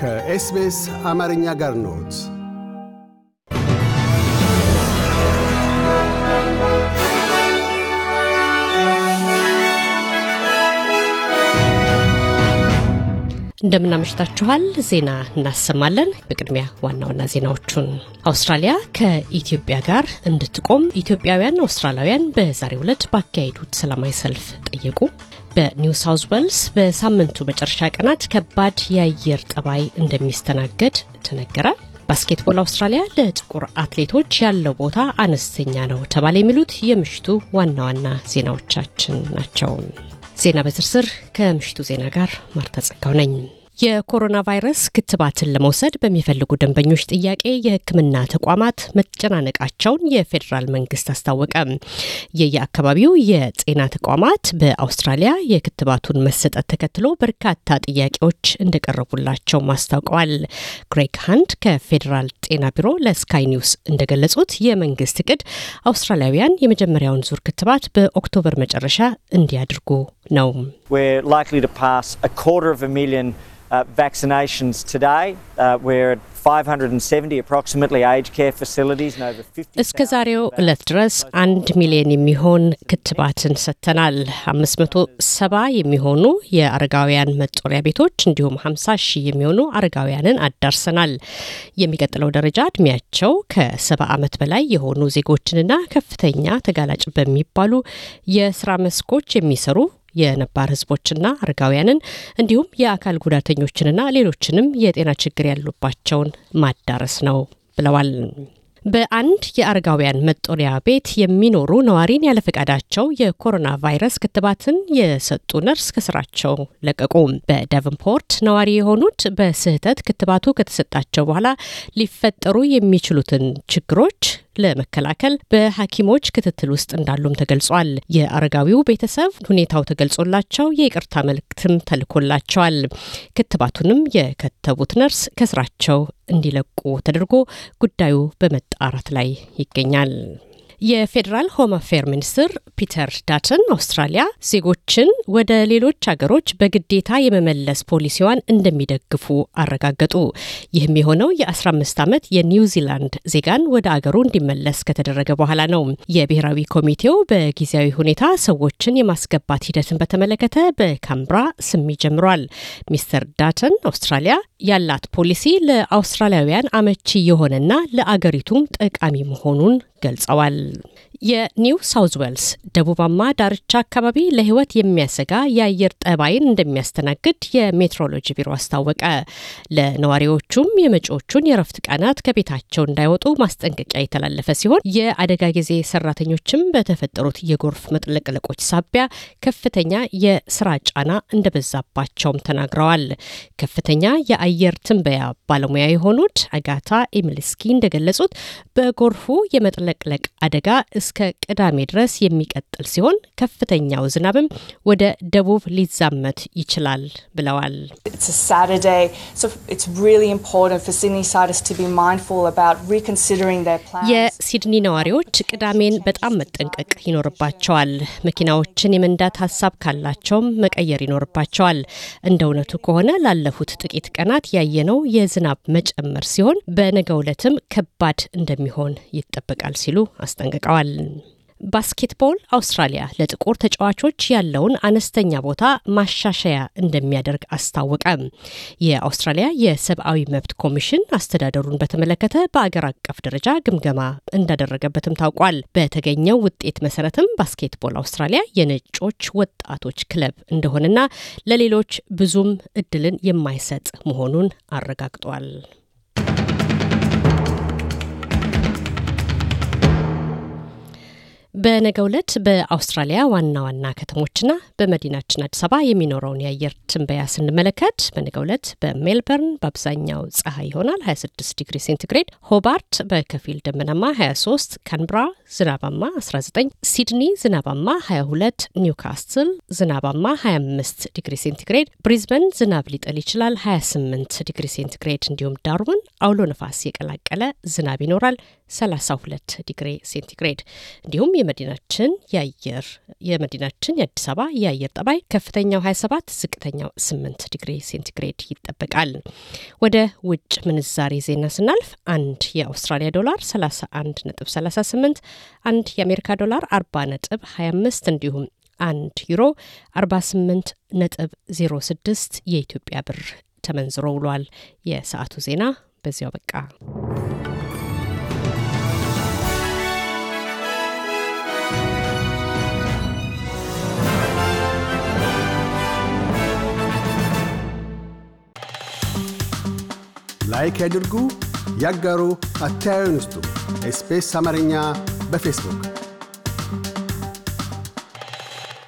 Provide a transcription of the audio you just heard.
ከኤስቤስ አማርኛ ጋር ኖት። እንደምናመሽታችኋል። ዜና እናሰማለን። በቅድሚያ ዋና ዋና ዜናዎቹን አውስትራሊያ ከኢትዮጵያ ጋር እንድትቆም ኢትዮጵያውያን አውስትራላውያን በዛሬ ሁለት ባካሄዱት ሰላማዊ ሰልፍ ጠየቁ። በኒው ሳውዝ ዌልስ በሳምንቱ መጨረሻ ቀናት ከባድ የአየር ጠባይ እንደሚስተናገድ ተነገረ። ባስኬትቦል አውስትራሊያ ለጥቁር አትሌቶች ያለው ቦታ አነስተኛ ነው ተባለ። የሚሉት የምሽቱ ዋና ዋና ዜናዎቻችን ናቸው። ዜና በዝርዝር ከምሽቱ ዜና ጋር ማርታ ጸጋው ነኝ። የኮሮና ቫይረስ ክትባትን ለመውሰድ በሚፈልጉ ደንበኞች ጥያቄ የሕክምና ተቋማት መጨናነቃቸውን የፌዴራል መንግስት አስታወቀ። የየአካባቢው የጤና ተቋማት በአውስትራሊያ የክትባቱን መሰጠት ተከትሎ በርካታ ጥያቄዎች እንደቀረቡላቸው አስታውቀዋል። ግሬግ ሃንድ ከፌዴራል ጤና ቢሮ ለስካይ ኒውስ እንደገለጹት የመንግስት እቅድ አውስትራሊያውያን የመጀመሪያውን ዙር ክትባት በኦክቶበር መጨረሻ እንዲያደርጉ ነው። uh, uh, እስከ ዛሬው ዕለት ድረስ አንድ ሚሊዮን የሚሆን ክትባትን ሰጥተናል። 570 የሚሆኑ የአረጋውያን መጦሪያ ቤቶች እንዲሁም 50 ሺህ የሚሆኑ አረጋውያንን አዳርሰናል። የሚቀጥለው ደረጃ እድሜያቸው ከሰባ ዓመት በላይ የሆኑ ዜጎችንና ከፍተኛ ተጋላጭ በሚባሉ የስራ መስኮች የሚሰሩ የነባር ህዝቦችና አረጋውያንን እንዲሁም የአካል ጉዳተኞችንና ሌሎችንም የጤና ችግር ያሉባቸውን ማዳረስ ነው ብለዋል። በአንድ የአረጋውያን መጦሪያ ቤት የሚኖሩ ነዋሪን ያለፈቃዳቸው የኮሮና ቫይረስ ክትባትን የሰጡ ነርስ ከስራቸው ለቀቁ። በደቨንፖርት ነዋሪ የሆኑት በስህተት ክትባቱ ከተሰጣቸው በኋላ ሊፈጠሩ የሚችሉትን ችግሮች ለመከላከል በሐኪሞች ክትትል ውስጥ እንዳሉም ተገልጿል። የአረጋዊው ቤተሰብ ሁኔታው ተገልጾላቸው የይቅርታ መልእክትም ተልኮላቸዋል። ክትባቱንም የከተቡት ነርስ ከስራቸው እንዲለቁ ተደርጎ ጉዳዩ በመጣራት ላይ ይገኛል። የፌዴራል ሆም አፌር ሚኒስትር ፒተር ዳተን አውስትራሊያ ዜጎችን ወደ ሌሎች አገሮች በግዴታ የመመለስ ፖሊሲዋን እንደሚደግፉ አረጋገጡ። ይህም የሆነው የ15 ዓመት የኒውዚላንድ ዜጋን ወደ አገሩ እንዲመለስ ከተደረገ በኋላ ነው። የብሔራዊ ኮሚቴው በጊዜያዊ ሁኔታ ሰዎችን የማስገባት ሂደትን በተመለከተ በካምብራ ስሚ ጀምሯል። ሚስተር ዳተን አውስትራሊያ ያላት ፖሊሲ ለአውስትራሊያውያን አመቺ የሆነና ለአገሪቱም ጠቃሚ መሆኑን ገልጸዋል። የኒው ሳውዝ ዌልስ ደቡባማ ዳርቻ አካባቢ ለሕይወት የሚያሰጋ የአየር ጠባይን እንደሚያስተናግድ የሜትሮሎጂ ቢሮ አስታወቀ። ለነዋሪዎቹም የመጪዎቹን የረፍት ቀናት ከቤታቸው እንዳይወጡ ማስጠንቀቂያ የተላለፈ ሲሆን የአደጋ ጊዜ ሰራተኞችም በተፈጠሩት የጎርፍ መጥለቅለቆች ሳቢያ ከፍተኛ የስራ ጫና እንደበዛባቸውም ተናግረዋል። ከፍተኛ የአየር ትንበያ ባለሙያ የሆኑት አጋታ ኢምልስኪ እንደገለጹት በጎርፉ የመጥለቅለቅ አደ አደጋ እስከ ቅዳሜ ድረስ የሚቀጥል ሲሆን ከፍተኛው ዝናብም ወደ ደቡብ ሊዛመት ይችላል ብለዋል። የሲድኒ ነዋሪዎች ቅዳሜን በጣም መጠንቀቅ ይኖርባቸዋል። መኪናዎችን የመንዳት ሀሳብ ካላቸውም መቀየር ይኖርባቸዋል። እንደ እውነቱ ከሆነ ላለፉት ጥቂት ቀናት ያየነው የዝናብ መጨመር ሲሆን በነገው ዕለትም ከባድ እንደሚሆን ይጠበቃል ሲሉ አስጠ አስጠንቅቀዋል። ባስኬትቦል አውስትራሊያ ለጥቁር ተጫዋቾች ያለውን አነስተኛ ቦታ ማሻሻያ እንደሚያደርግ አስታወቀ። የአውስትራሊያ የሰብአዊ መብት ኮሚሽን አስተዳደሩን በተመለከተ በአገር አቀፍ ደረጃ ግምገማ እንዳደረገበትም ታውቋል። በተገኘው ውጤት መሰረትም ባስኬትቦል አውስትራሊያ የነጮች ወጣቶች ክለብ እንደሆነና ለሌሎች ብዙም እድልን የማይሰጥ መሆኑን አረጋግጧል። በነገ ዕለት በአውስትራሊያ ዋና ዋና ከተሞችና በመዲናችን አዲስ አበባ የሚኖረውን የአየር ትንበያ ስንመለከት በነገ ዕለት በሜልበርን በአብዛኛው ፀሐይ ይሆናል 26 ዲግሪ ሴንቲግሬድ፣ ሆባርት በከፊል ደመናማ 23፣ ካንብራ ዝናባማ 19፣ ሲድኒ ዝናባማ 22፣ ኒውካስትል ዝናባማ 25 ዲግሪ ሴንቲግሬድ፣ ብሪዝበን ዝናብ ሊጠል ይችላል 28 ዲግሪ ሴንቲግሬድ፣ እንዲሁም ዳርዊን አውሎ ነፋስ የቀላቀለ ዝናብ ይኖራል 32 ዲግሪ ሴንቲግሬድ እንዲሁም የመዲናችን የአየር የመዲናችን የአዲስ አበባ የአየር ጠባይ ከፍተኛው 27 ዝቅተኛው 8 ዲግሪ ሴንቲግሬድ ይጠበቃል። ወደ ውጭ ምንዛሬ ዜና ስናልፍ አንድ የአውስትራሊያ ዶላር 31.38፣ አንድ የአሜሪካ ዶላር 425 እንዲሁም አንድ ዩሮ 48 ነጥብ 06 የኢትዮጵያ ብር ተመንዝሮ ውሏል። የሰዓቱ ዜና በዚያው በቃ። ላይክ ያድርጉ፣ ያጋሩ፣ አስተያየትዎን ይስጡ። ኤስፔስ አማርኛ በፌስቡክ